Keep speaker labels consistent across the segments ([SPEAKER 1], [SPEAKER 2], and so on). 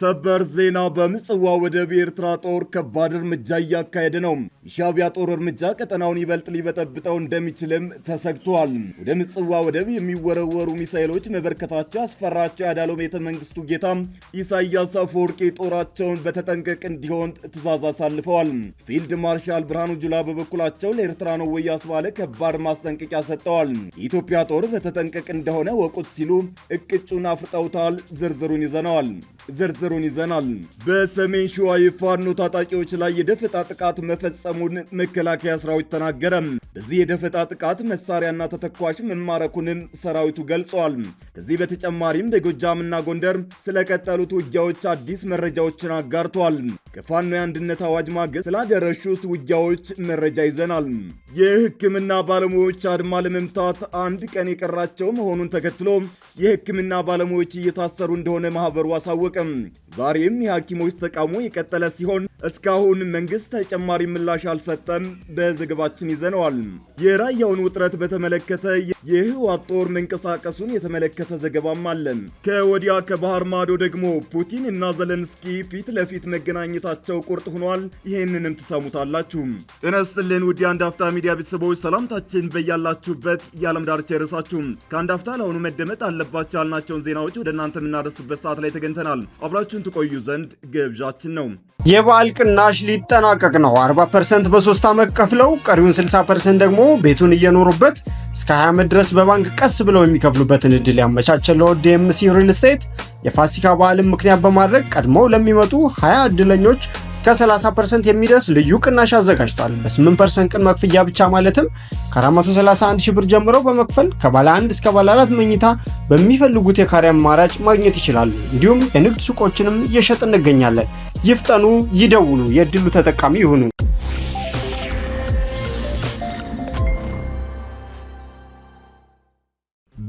[SPEAKER 1] ሰበር ዜና በምጽዋ ወደብ የኤርትራ ጦር ከባድ እርምጃ እያካሄደ ነው። የሻቢያ ጦር እርምጃ ቀጠናውን ይበልጥ ሊበጠብጠው እንደሚችልም ተሰግቷል። ወደ ምጽዋ ወደብ የሚወረወሩ ሚሳይሎች መበርከታቸው አስፈራቸው ያዳለው ቤተ መንግስቱ ጌታ ኢሳያስ አፈወርቂ ጦራቸውን በተጠንቀቅ እንዲሆን ትእዛዝ አሳልፈዋል። ፊልድ ማርሻል ብርሃኑ ጁላ በበኩላቸው ለኤርትራ ነው ወይ ያስባለ ከባድ ማስጠንቀቂያ ሰጥተዋል። የኢትዮጵያ ጦር በተጠንቀቅ እንደሆነ ወቁት ሲሉ እቅጩን አፍርጠውታል። ዝርዝሩን ይዘነዋል። ዝርዝሩን ይዘናል። በሰሜን ሸዋ የፋኖ ታጣቂዎች ላይ የደፈጣ ጥቃት መፈጸሙን መከላከያ ሰራዊት ተናገረ። በዚህ የደፈጣ ጥቃት መሳሪያና ተተኳሽ መማረኩንም ሰራዊቱ ገልጿል። ከዚህ በተጨማሪም በጎጃምና ጎንደር ስለቀጠሉት ውጊያዎች አዲስ መረጃዎችን አጋርቷል። ከፋኖ የአንድነት አዋጅ ማግስት ስላደረሹት ውጊያዎች መረጃ ይዘናል። የህክምና ባለሙያዎች አድማ ለመምታት አንድ ቀን የቀራቸው መሆኑን ተከትሎ የሕክምና ባለሙያዎች እየታሰሩ እንደሆነ ማህበሩ አሳወቀም። ዛሬም የሐኪሞች ተቃውሞ የቀጠለ ሲሆን እስካሁን መንግስት ተጨማሪ ምላሽ አልሰጠም። በዘገባችን ይዘነዋል። የራያውን ውጥረት በተመለከተ የህወሓት ጦር መንቀሳቀሱን የተመለከተ ዘገባም አለን። ከወዲያ ከባህር ማዶ ደግሞ ፑቲን እና ዘለንስኪ ፊት ለፊት መገናኘት መደሰታቸው ቁርጥ ሆኗል። ይህንንም ትሰሙታላችሁ። ጤና ይስጥልን ውድ የአንድ አፍታ ሚዲያ ቤተሰቦች ሰላምታችን በያላችሁበት የዓለም ዳርቻ ይድረሳችሁ። ከአንድ አፍታ ለአሁኑ መደመጥ አለባቸው ያልናቸውን ዜናዎች ወደ እናንተ የምናደርስበት ሰዓት ላይ ተገኝተናል። አብራችሁን ትቆዩ ዘንድ ግብዣችን ነው።
[SPEAKER 2] የበዓል ቅናሽ ሊጠናቀቅ ነው። 40 ፐርሰንት በሶስት ዓመት ከፍለው ቀሪውን 60 ፐርሰንት ደግሞ ቤቱን እየኖሩበት እስከ 20 ዓመት ድረስ በባንክ ቀስ ብለው የሚከፍሉበትን እድል ያመቻቸለው ዲኤምሲ ሪል ስቴት የፋሲካ በዓልን ምክንያት በማድረግ ቀድመው ለሚመጡ 20 እድለኞች እስከ 30% የሚደርስ ልዩ ቅናሽ አዘጋጅቷል። በ8% ቅን መክፍያ ብቻ ማለትም ከ431 ሺህ ብር ጀምሮ በመክፈል ከባለ 1 እስከ ባለ 4 መኝታ በሚፈልጉት የካሬ አማራጭ ማግኘት ይችላሉ። እንዲሁም የንግድ ሱቆችንም እየሸጥ እንገኛለን። ይፍጠኑ፣ ይደውሉ፣ የእድሉ ተጠቃሚ ይሁኑ።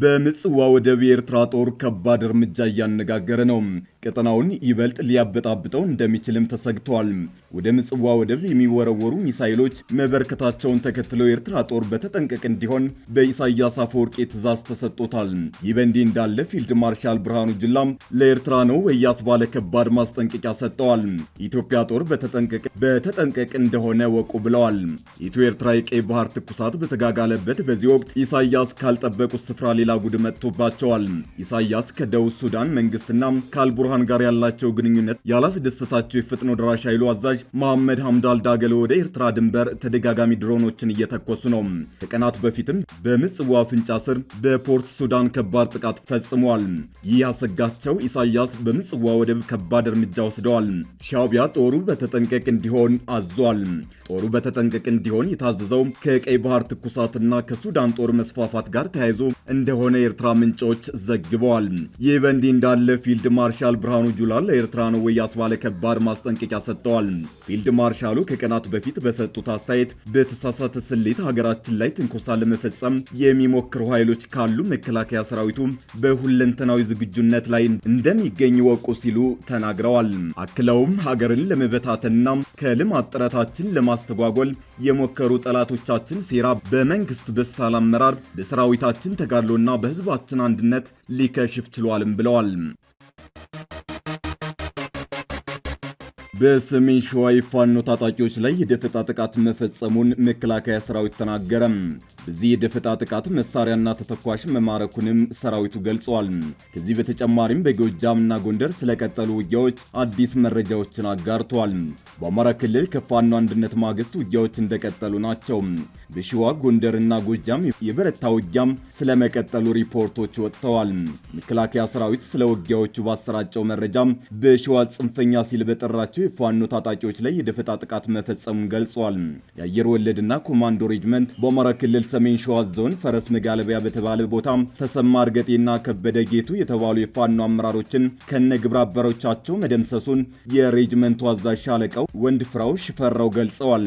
[SPEAKER 1] በምጽዋ ወደብ የኤርትራ ጦር ከባድ እርምጃ እያነጋገረ ነው። ቀጠናውን ይበልጥ ሊያበጣብጠው እንደሚችልም ተሰግቷል። ወደ ምጽዋ ወደብ የሚወረወሩ ሚሳይሎች መበርከታቸውን ተከትሎ የኤርትራ ጦር በተጠንቀቅ እንዲሆን በኢሳያስ አፈወርቂ ትዛዝ ተሰጥቶታል። ይህ በእንዲህ እንዳለ ፊልድ ማርሻል ብርሃኑ ጁላም ለኤርትራ ነው ወያስ ባለ ከባድ ማስጠንቀቂያ ሰጥተዋል። ኢትዮጵያ ጦር በተጠንቀቅ እንደሆነ ወቁ ብለዋል። ኢትዮ ኤርትራ የቀይ ባህር ትኩሳት በተጋጋለበት በዚህ ወቅት ኢሳያስ ካልጠበቁት ስፍራ ሌላ ጉድ መጥቶባቸዋል። ኢሳያስ ከደቡብ ሱዳን መንግስትና ካልቡ ቡርሃን ጋር ያላቸው ግንኙነት ያላስደሰታቸው የፍጥኖ ደራሽ ኃይሉ አዛዥ መሐመድ ሐምዳል ዳገሎ ወደ ኤርትራ ድንበር ተደጋጋሚ ድሮኖችን እየተኮሱ ነው። ከቀናት በፊትም በምጽዋ አፍንጫ ስር በፖርት ሱዳን ከባድ ጥቃት ፈጽሟል። ይህ ያሰጋቸው ኢሳያስ በምጽዋ ወደብ ከባድ እርምጃ ወስደዋል። ሻቢያ ጦሩ በተጠንቀቅ እንዲሆን አዟል። ጦሩ በተጠንቀቅ እንዲሆን የታዘዘው ከቀይ ባህር ትኩሳትና ከሱዳን ጦር መስፋፋት ጋር ተያይዞ እንደሆነ የኤርትራ ምንጮች ዘግበዋል። ይህ በእንዲህ እንዳለ ፊልድ ማርሻል ጀነራል ብርሃኑ ጁላ ለኤርትራ ነው ወይ ያስባለ ከባድ ማስጠንቀቂያ ሰጥተዋል። ፊልድ ማርሻሉ ከቀናት በፊት በሰጡት አስተያየት በተሳሳተ ስሌት ሀገራችን ላይ ትንኮሳ ለመፈጸም የሚሞክሩ ኃይሎች ካሉ መከላከያ ሰራዊቱ በሁለንተናዊ ዝግጁነት ላይ እንደሚገኝ ወቁ ሲሉ ተናግረዋል። አክለውም ሀገርን ለመበታተንና ከልማት ጥረታችን ለማስተጓጎል የሞከሩ ጠላቶቻችን ሴራ በመንግስት በሳል አመራር፣ በሰራዊታችን ተጋድሎና በህዝባችን አንድነት ሊከሽፍ ችሏልም ብለዋል። በሰሜን ሸዋ የፋኖ ታጣቂዎች ላይ የደፈጣ ጥቃት መፈጸሙን መከላከያ ሰራዊት ተናገረም። በዚህ የደፈጣ ጥቃት መሳሪያና ተተኳሽ መማረኩንም ሰራዊቱ ገልጿል። ከዚህ በተጨማሪም በጎጃምና ጎንደር ስለቀጠሉ ውጊያዎች አዲስ መረጃዎችን አጋርቷል። በአማራ ክልል ከፋኖ አንድነት ማግስት ውጊያዎች እንደቀጠሉ ናቸው። በሸዋ ጎንደርና ጎጃም የበረታ ውጊያም ስለመቀጠሉ ሪፖርቶች ወጥተዋል። መከላከያ ሰራዊት ስለ ውጊያዎቹ ባሰራጨው መረጃም በሸዋ ጽንፈኛ ሲል በጠራቸው የፋኖ ታጣቂዎች ላይ የደፈጣ ጥቃት መፈጸሙን ገልጿል። የአየር ወለድና ኮማንዶ ሬጅመንት በአማራ ክልል ሰሜን ሸዋ ዞን ፈረስ መጋለቢያ በተባለ ቦታ ተሰማ እርገጤና ከበደ ጌቱ የተባሉ የፋኖ አመራሮችን ከነ ግብረ አበሮቻቸው መደምሰሱን የሬጅመንቱ አዛዥ አለቀው ወንድ ፍራው ሽፈራው ገልጸዋል።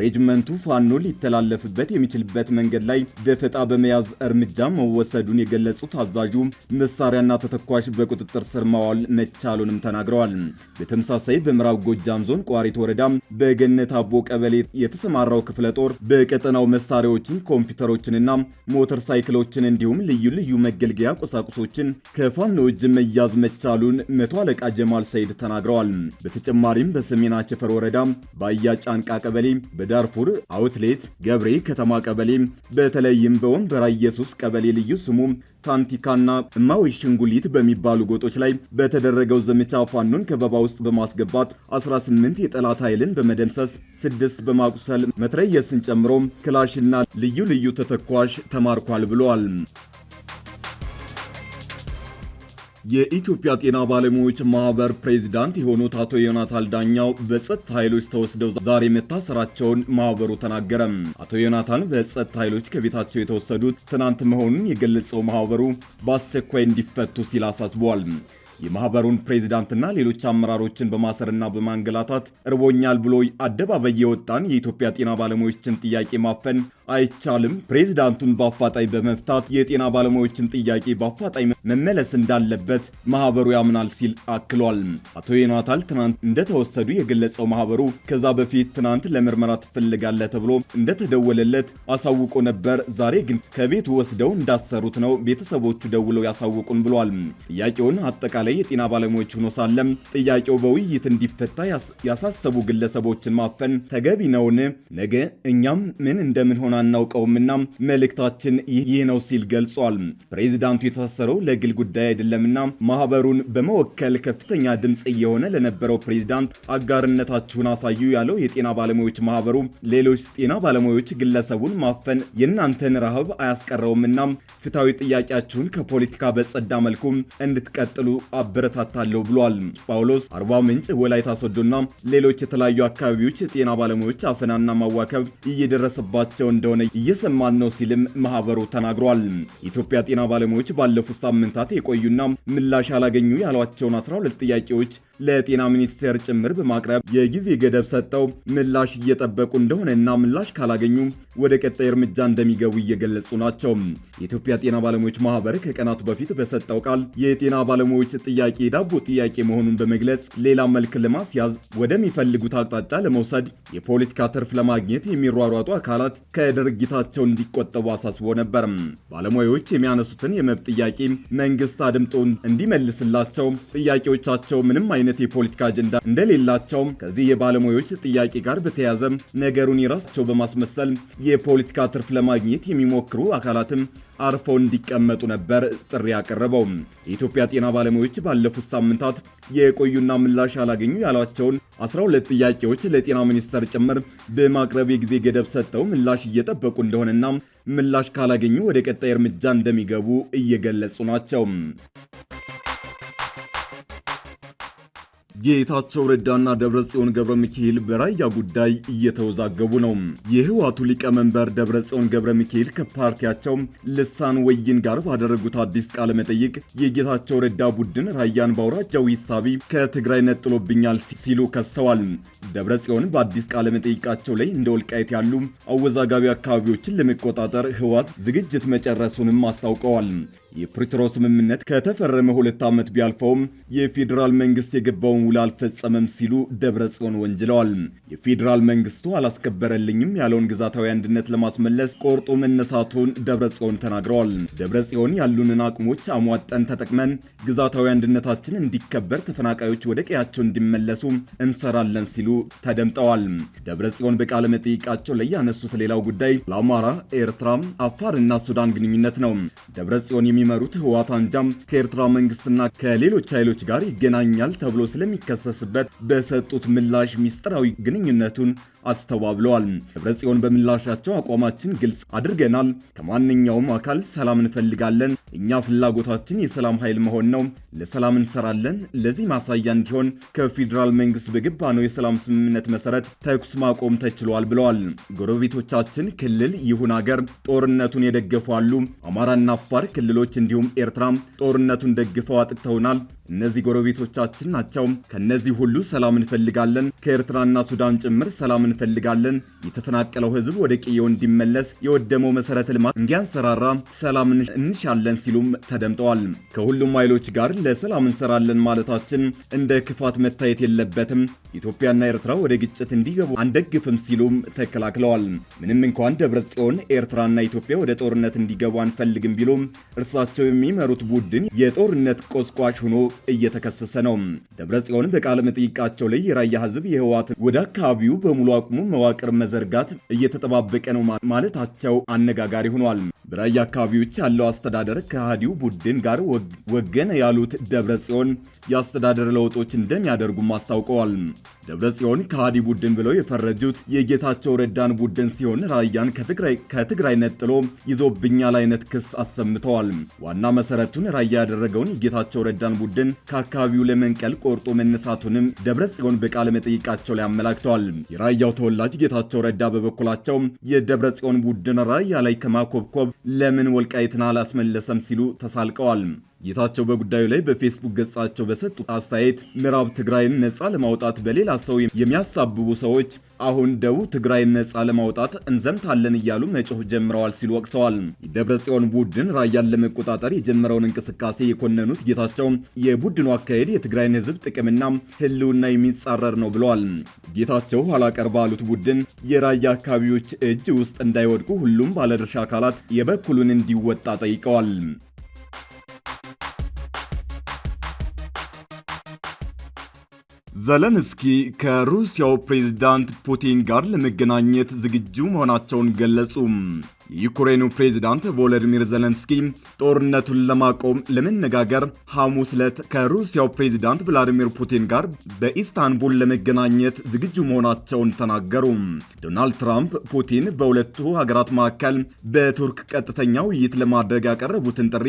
[SPEAKER 1] ሬጅመንቱ ፋኖ ሊተላለፍ ሊተላለፍበት የሚችልበት መንገድ ላይ ደፈጣ በመያዝ እርምጃ መወሰዱን የገለጹት አዛዡ መሳሪያና ተተኳሽ በቁጥጥር ስር ማዋል መቻሉንም ተናግረዋል። በተመሳሳይ በምዕራብ ጎጃም ዞን ቋሪት ወረዳ በገነት አቦ ቀበሌ የተሰማራው ክፍለ ጦር በቀጠናው መሳሪያዎችን፣ ኮምፒውተሮችንና ሞተር ሳይክሎችን እንዲሁም ልዩ ልዩ መገልገያ ቁሳቁሶችን ከፋኖ እጅ መያዝ መቻሉን መቶ አለቃ ጀማል ሰይድ ተናግረዋል። በተጨማሪም በሰሜን አቸፈር ወረዳ በአያ ጫንቃ ቀበሌ በዳርፉር አውትሌት ገብሬ በፍሬ ከተማ ቀበሌ በተለይም በወንበራ ኢየሱስ ቀበሌ ልዩ ስሙ ታንቲካና እማዊ ሽንጉሊት በሚባሉ ጎጦች ላይ በተደረገው ዘመቻ ፋኖን ከበባ ውስጥ በማስገባት 18 የጠላት ኃይልን በመደምሰስ ስድስት በማቁሰል መትረየስን ጨምሮ ክላሽና ልዩ ልዩ ተተኳሽ ተማርኳል ብሏል። የኢትዮጵያ ጤና ባለሙያዎች ማህበር ፕሬዚዳንት የሆኑት አቶ ዮናታን ዳኛው በጸጥታ ኃይሎች ተወስደው ዛሬ መታሰራቸውን ማህበሩ ተናገረም። አቶ ዮናታን በጸጥታ ኃይሎች ከቤታቸው የተወሰዱት ትናንት መሆኑን የገለጸው ማህበሩ በአስቸኳይ እንዲፈቱ ሲል አሳስቧል። የማህበሩን ፕሬዚዳንትና ሌሎች አመራሮችን በማሰርና በማንገላታት እርቦኛል ብሎ አደባባይ የወጣን የኢትዮጵያ ጤና ባለሙያዎችን ጥያቄ ማፈን አይቻልም። ፕሬዚዳንቱን በአፋጣኝ በመፍታት የጤና ባለሙያዎችን ጥያቄ በአፋጣኝ መመለስ እንዳለበት ማህበሩ ያምናል ሲል አክሏል። አቶ ዮናታን ትናንት እንደተወሰዱ የገለጸው ማህበሩ ከዛ በፊት ትናንት ለምርመራ ትፈልጋለህ ተብሎ እንደተደወለለት አሳውቆ ነበር። ዛሬ ግን ከቤቱ ወስደው እንዳሰሩት ነው ቤተሰቦቹ ደውለው ያሳውቁን ብሏል። ጥያቄውን አጠቃላይ የጤና ባለሙያዎች ሆኖ ሳለም ጥያቄው በውይይት እንዲፈታ ያሳሰቡ ግለሰቦችን ማፈን ተገቢ ነውን? ነገ እኛም ምን እንደምን አናውቀውምና መልእክታችን ይህ ነው ሲል ገልጿል። ፕሬዚዳንቱ የታሰረው ለግል ጉዳይ አይደለምና ማህበሩን በመወከል ከፍተኛ ድምፅ እየሆነ ለነበረው ፕሬዚዳንት አጋርነታችሁን አሳዩ ያለው የጤና ባለሙያዎች ማህበሩ ሌሎች ጤና ባለሙያዎች ግለሰቡን ማፈን የእናንተን ረሃብ አያስቀረውምና ፍትሐዊ ጥያቄያችሁን ከፖለቲካ በጸዳ መልኩ እንድትቀጥሉ አበረታታለሁ ብሏል። ጳውሎስ አርባ ምንጭ፣ ወላይታ ሶዶና ሌሎች የተለያዩ አካባቢዎች የጤና ባለሙያዎች አፈናና ማዋከብ እየደረሰባቸው እንደ እንደሆነ እየሰማን ነው ሲልም ማህበሩ ተናግሯል። የኢትዮጵያ ጤና ባለሙያዎች ባለፉት ሳምንታት የቆዩና ምላሽ አላገኙ ያሏቸውን 12 ጥያቄዎች ለጤና ሚኒስቴር ጭምር በማቅረብ የጊዜ ገደብ ሰጠው ምላሽ እየጠበቁ እንደሆነና ምላሽ ካላገኙ ወደ ቀጣይ እርምጃ እንደሚገቡ እየገለጹ ናቸው። የኢትዮጵያ ጤና ባለሙያዎች ማህበር ከቀናት በፊት በሰጠው ቃል የጤና ባለሙያዎች ጥያቄ የዳቦ ጥያቄ መሆኑን በመግለጽ ሌላ መልክ ለማስያዝ ወደሚፈልጉት አቅጣጫ ለመውሰድ የፖለቲካ ትርፍ ለማግኘት የሚሯሯጡ አካላት ከድርጊታቸው እንዲቆጠቡ አሳስቦ ነበር። ባለሙያዎች የሚያነሱትን የመብት ጥያቄ መንግስት አድምጦ እንዲመልስላቸው ጥያቄዎቻቸው ምንም አይነት አይነት የፖለቲካ አጀንዳ እንደሌላቸውም ከዚህ የባለሙያዎች ጥያቄ ጋር በተያያዘ ነገሩን የራሳቸው በማስመሰል የፖለቲካ ትርፍ ለማግኘት የሚሞክሩ አካላትም አርፈው እንዲቀመጡ ነበር ጥሪ ያቀረበው። የኢትዮጵያ ጤና ባለሙያዎች ባለፉት ሳምንታት የቆዩና ምላሽ አላገኙ ያሏቸውን 12 ጥያቄዎች ለጤና ሚኒስቴር ጭምር በማቅረብ የጊዜ ገደብ ሰጥተው ምላሽ እየጠበቁ እንደሆነና ምላሽ ካላገኙ ወደ ቀጣይ እርምጃ እንደሚገቡ እየገለጹ ናቸው። ጌታቸው ረዳና ደብረጽዮን ገብረ ሚካኤል በራያ ጉዳይ እየተወዛገቡ ነው። የህወሓቱ ሊቀመንበር ደብረጽዮን ገብረ ሚካኤል ከፓርቲያቸው ልሳን ወይን ጋር ባደረጉት አዲስ ቃለ መጠይቅ የጌታቸው ረዳ ቡድን ራያን በአውራጃው ይሳቢ ከትግራይ ነጥሎብኛል ሲሉ ከሰዋል። ደብረጽዮን በአዲስ ቃለ መጠይቃቸው ላይ እንደ ወልቃይት ያሉ አወዛጋቢ አካባቢዎችን ለመቆጣጠር ህወሓት ዝግጅት መጨረሱንም አስታውቀዋል። የፕሪቶሪያ ስምምነት ከተፈረመ ሁለት ዓመት ቢያልፈውም የፌዴራል መንግስት የገባውን ውል አልፈጸመም ሲሉ ደብረ ጽዮን ወንጅለዋል። የፌዴራል መንግስቱ አላስከበረልኝም ያለውን ግዛታዊ አንድነት ለማስመለስ ቆርጦ መነሳቱን ደብረ ጽዮን ተናግረዋል። ደብረ ጽዮን ያሉንን አቅሞች አሟጠን ተጠቅመን ግዛታዊ አንድነታችን እንዲከበር፣ ተፈናቃዮች ወደ ቀያቸው እንዲመለሱ እንሰራለን ሲሉ ተደምጠዋል። ደብረ ጽዮን በቃለ መጠይቃቸው ላይ ያነሱት ሌላው ጉዳይ ለአማራ ኤርትራ፣ አፋር እና ሱዳን ግንኙነት ነው። ደብረ ጽዮን የሚ የሚመሩት ህወሓት አንጃም ከኤርትራ መንግስትና ከሌሎች ኃይሎች ጋር ይገናኛል ተብሎ ስለሚከሰስበት በሰጡት ምላሽ ሚስጥራዊ ግንኙነቱን አስተባብለዋል። ደብረጽዮን በምላሻቸው አቋማችን ግልጽ አድርገናል። ከማንኛውም አካል ሰላም እንፈልጋለን። እኛ ፍላጎታችን የሰላም ኃይል መሆን ነው። ለሰላም እንሰራለን። ለዚህ ማሳያ እንዲሆን ከፌዴራል መንግስት በገባ ነው የሰላም ስምምነት መሰረት ተኩስ ማቆም ተችሏል ብለዋል። ጎረቤቶቻችን ክልል ይሁን አገር ጦርነቱን የደገፉ አሉ። አማራና አፋር ክልሎች እንዲሁም ኤርትራ ጦርነቱን ደግፈው አጥቅተውናል። እነዚህ ጎረቤቶቻችን ናቸው። ከእነዚህ ሁሉ ሰላም እንፈልጋለን። ከኤርትራና ሱዳን ጭምር ሰላም እንፈልጋለን። የተፈናቀለው ህዝብ ወደ ቅየው እንዲመለስ፣ የወደመው መሰረተ ልማት እንዲያንሰራራ ሰላም እንሻለን ሲሉም ተደምጠዋል። ከሁሉም ኃይሎች ጋር ለሰላም እንሰራለን ማለታችን እንደ ክፋት መታየት የለበትም። ኢትዮጵያና ኤርትራ ወደ ግጭት እንዲገቡ አንደግፍም ሲሉም ተከላክለዋል። ምንም እንኳን ደብረ ጽዮን ኤርትራና ኢትዮጵያ ወደ ጦርነት እንዲገቡ አንፈልግም ቢሉም እርሳቸው የሚመሩት ቡድን የጦርነት ቆስቋሽ ሆኖ እየተከሰሰ ነው። ደብረ ጽዮን በቃለ መጠይቃቸው ላይ የራያ ህዝብ የህወሓትን ወደ አካባቢው በሙሉ አቅሙ መዋቅር መዘርጋት እየተጠባበቀ ነው ማለታቸው አነጋጋሪ ሆኗል። በራያ አካባቢዎች ያለው አስተዳደር ከሃዲው ቡድን ጋር ወገን ያሉት ደብረ ጽዮን የአስተዳደር ለውጦች እንደሚያደርጉም አስታውቀዋል። ጽዮን ከሃዲ ቡድን ብለው የፈረጁት የጌታቸው ረዳን ቡድን ሲሆን ራያን ከትግራይ ነጥሎ ይዞብኛል አይነት ክስ አሰምተዋል። ዋና መሰረቱን ራያ ያደረገውን የጌታቸው ረዳን ቡድን ኃይሎችን ከአካባቢው ለመንቀል ቆርጦ መነሳቱንም ደብረ ጽዮን በቃለ መጠይቃቸው ላይ አመላክተዋል። የራያው ተወላጅ ጌታቸው ረዳ በበኩላቸው የደብረ ጽዮን ቡድን ራያ ላይ ከማኮብኮብ ለምን ወልቃይትን አላስመለሰም ሲሉ ተሳልቀዋል። ጌታቸው በጉዳዩ ላይ በፌስቡክ ገጻቸው በሰጡት አስተያየት ምዕራብ ትግራይን ነጻ ለማውጣት በሌላ ሰው የሚያሳብቡ ሰዎች አሁን ደቡብ ትግራይን ነጻ ለማውጣት እንዘምታለን እያሉ መጮህ ጀምረዋል ሲሉ ወቅሰዋል። የደብረ ጽዮን ቡድን ራያን ለመቆጣጠር የጀመረውን እንቅስቃሴ የኮነኑት ጌታቸው የቡድኑ አካሄድ የትግራይን ሕዝብ ጥቅምና ሕልውና የሚጻረር ነው ብለዋል። ጌታቸው ኋላ ቀር ባሉት ቡድን የራያ አካባቢዎች እጅ ውስጥ እንዳይወድቁ ሁሉም ባለድርሻ አካላት የበኩሉን እንዲወጣ ጠይቀዋል።
[SPEAKER 2] ዘለንስኪ ከሩሲያው ፕሬዝዳንት ፑቲን ጋር ለመገናኘት ዝግጁ መሆናቸውን ገለጹ። የዩክሬኑ ፕሬዚዳንት ቮሎዲሚር ዘለንስኪ ጦርነቱን ለማቆም ለመነጋገር ሐሙስ ዕለት ከሩሲያው ፕሬዚዳንት ቭላዲሚር ፑቲን ጋር በኢስታንቡል ለመገናኘት ዝግጁ መሆናቸውን ተናገሩ። ዶናልድ ትራምፕ ፑቲን በሁለቱ ሀገራት መካከል በቱርክ ቀጥተኛ ውይይት ለማድረግ ያቀረቡትን ጥሪ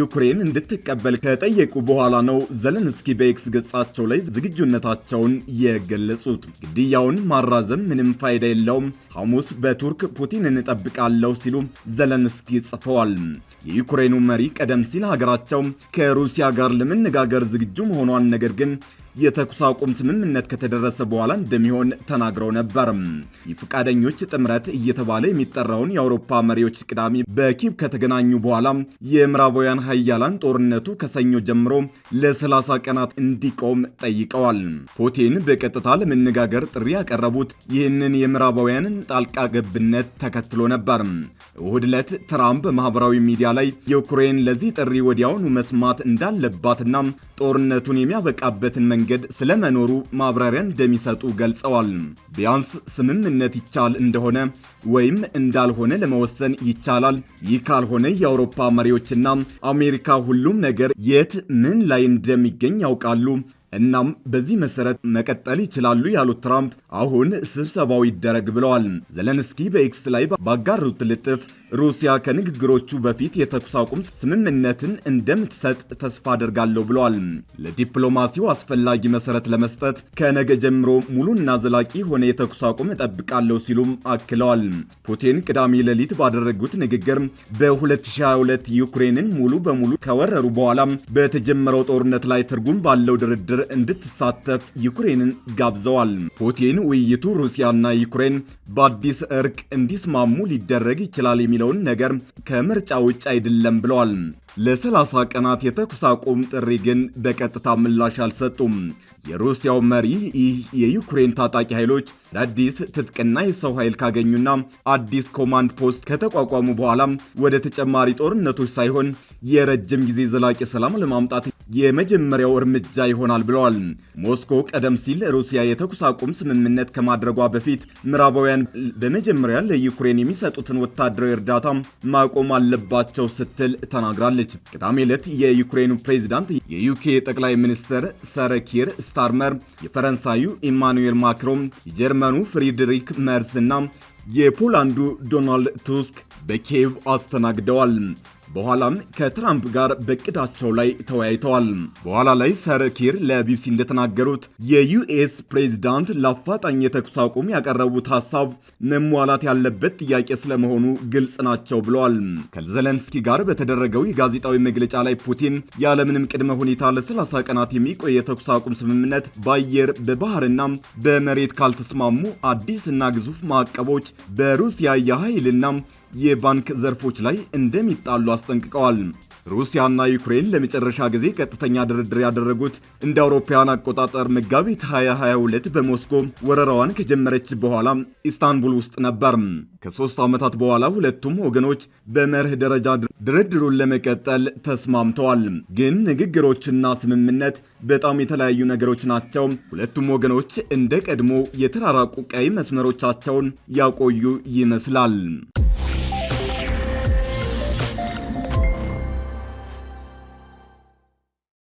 [SPEAKER 2] ዩክሬን እንድትቀበል ከጠየቁ በኋላ ነው ዘለንስኪ በኤክስ ገጻቸው ላይ ዝግጁነታቸውን የገለጹት። ግድያውን ማራዘም ምንም ፋይዳ የለውም፣ ሐሙስ በቱርክ ፑቲን እንጠብቃለሁ ሲሉ ዘለንስኪ ጽፈዋል። የዩክሬኑ መሪ ቀደም ሲል ሀገራቸው ከሩሲያ ጋር ለመነጋገር ዝግጁ መሆኗን ነገር ግን የተኩስ አቁም ስምምነት ከተደረሰ በኋላ እንደሚሆን ተናግረው ነበር። የፈቃደኞች ጥምረት እየተባለ የሚጠራውን የአውሮፓ መሪዎች ቅዳሜ በኪብ ከተገናኙ በኋላ የምዕራባውያን ሀያላን ጦርነቱ ከሰኞ ጀምሮ ለ30 ቀናት እንዲቆም ጠይቀዋል። ፑቲን በቀጥታ ለመነጋገር ጥሪ ያቀረቡት ይህንን የምዕራባውያንን ጣልቃ ገብነት ተከትሎ ነበር። እሁድ ዕለት ትራምፕ በማህበራዊ ሚዲያ ላይ የዩክሬን ለዚህ ጥሪ ወዲያውኑ መስማት እንዳለባትና ጦርነቱን የሚያበቃበትን መንገድ መንገድ ስለመኖሩ ማብራሪያ እንደሚሰጡ ገልጸዋል። ቢያንስ ስምምነት ይቻል እንደሆነ ወይም እንዳልሆነ ለመወሰን ይቻላል። ይህ ካልሆነ የአውሮፓ መሪዎችና አሜሪካ ሁሉም ነገር የት ምን ላይ እንደሚገኝ ያውቃሉ። እናም በዚህ መሰረት መቀጠል ይችላሉ ያሉት ትራምፕ አሁን ስብሰባው ይደረግ ብለዋል። ዘለንስኪ በኤክስ ላይ ባጋሩት ልጥፍ ሩሲያ ከንግግሮቹ በፊት የተኩስ አቁም ስምምነትን እንደምትሰጥ ተስፋ አደርጋለሁ ብለዋል። ለዲፕሎማሲው አስፈላጊ መሰረት ለመስጠት ከነገ ጀምሮ ሙሉና ዘላቂ የሆነ የተኩስ አቁም እጠብቃለሁ ሲሉም አክለዋል። ፑቲን ቅዳሜ ሌሊት ባደረጉት ንግግር በ2022 ዩክሬንን ሙሉ በሙሉ ከወረሩ በኋላ በተጀመረው ጦርነት ላይ ትርጉም ባለው ድርድር እንድትሳተፍ ዩክሬንን ጋብዘዋል። ፑቲን ግን ውይይቱ ሩሲያና ዩክሬን በአዲስ እርቅ እንዲስማሙ ሊደረግ ይችላል የሚለውን ነገር ከምርጫ ውጭ አይደለም ብለዋል። ለሰላሳ ቀናት የተኩስ አቁም ጥሪ ግን በቀጥታ ምላሽ አልሰጡም። የሩሲያው መሪ ይህ የዩክሬን ታጣቂ ኃይሎች ለአዲስ ትጥቅና የሰው ኃይል ካገኙና አዲስ ኮማንድ ፖስት ከተቋቋሙ በኋላም ወደ ተጨማሪ ጦርነቶች ሳይሆን የረጅም ጊዜ ዘላቂ ሰላም ለማምጣት የመጀመሪያው እርምጃ ይሆናል ብለዋል። ሞስኮ ቀደም ሲል ሩሲያ የተኩስ አቁም ስምምነት ከማድረጓ በፊት ምዕራባውያን በመጀመሪያ ለዩክሬን የሚሰጡትን ወታደራዊ እርዳታ ማቆም አለባቸው ስትል ተናግራለች። አስታውቃለች። ቅዳሜ ዕለት የዩክሬኑ ፕሬዚዳንት የዩኬ ጠቅላይ ሚኒስትር ሰረኪር ስታርመር፣ የፈረንሳዩ ኢማኑኤል ማክሮን፣ የጀርመኑ ፍሪድሪክ መርስ እና የፖላንዱ ዶናልድ ቱስክ በኪየቭ አስተናግደዋል። በኋላም ከትራምፕ ጋር በእቅዳቸው ላይ ተወያይተዋል። በኋላ ላይ ሰር ኪር ለቢቢሲ እንደተናገሩት የዩኤስ ፕሬዚዳንት ለአፋጣኝ የተኩስ አቁም ያቀረቡት ሀሳብ መሟላት ያለበት ጥያቄ ስለመሆኑ ግልጽ ናቸው ብለዋል። ከዘለንስኪ ጋር በተደረገው የጋዜጣዊ መግለጫ ላይ ፑቲን ያለምንም ቅድመ ሁኔታ ለ30 ቀናት የሚቆይ የተኩስ አቁም ስምምነት በአየር በባህርና በመሬት ካልተስማሙ አዲስና ግዙፍ ማዕቀቦች በሩሲያ የኃይልና የባንክ ዘርፎች ላይ እንደሚጣሉ አስጠንቅቀዋል። ሩሲያና ዩክሬን ለመጨረሻ ጊዜ ቀጥተኛ ድርድር ያደረጉት እንደ አውሮፓውያን አቆጣጠር መጋቢት 2022 በሞስኮ ወረራዋን ከጀመረች በኋላ ኢስታንቡል ውስጥ ነበር። ከሶስት ዓመታት በኋላ ሁለቱም ወገኖች በመርህ ደረጃ ድርድሩን ለመቀጠል ተስማምተዋል። ግን ንግግሮችና ስምምነት በጣም የተለያዩ ነገሮች ናቸው። ሁለቱም ወገኖች እንደ ቀድሞ የተራራቁ ቀይ መስመሮቻቸውን ያቆዩ ይመስላል።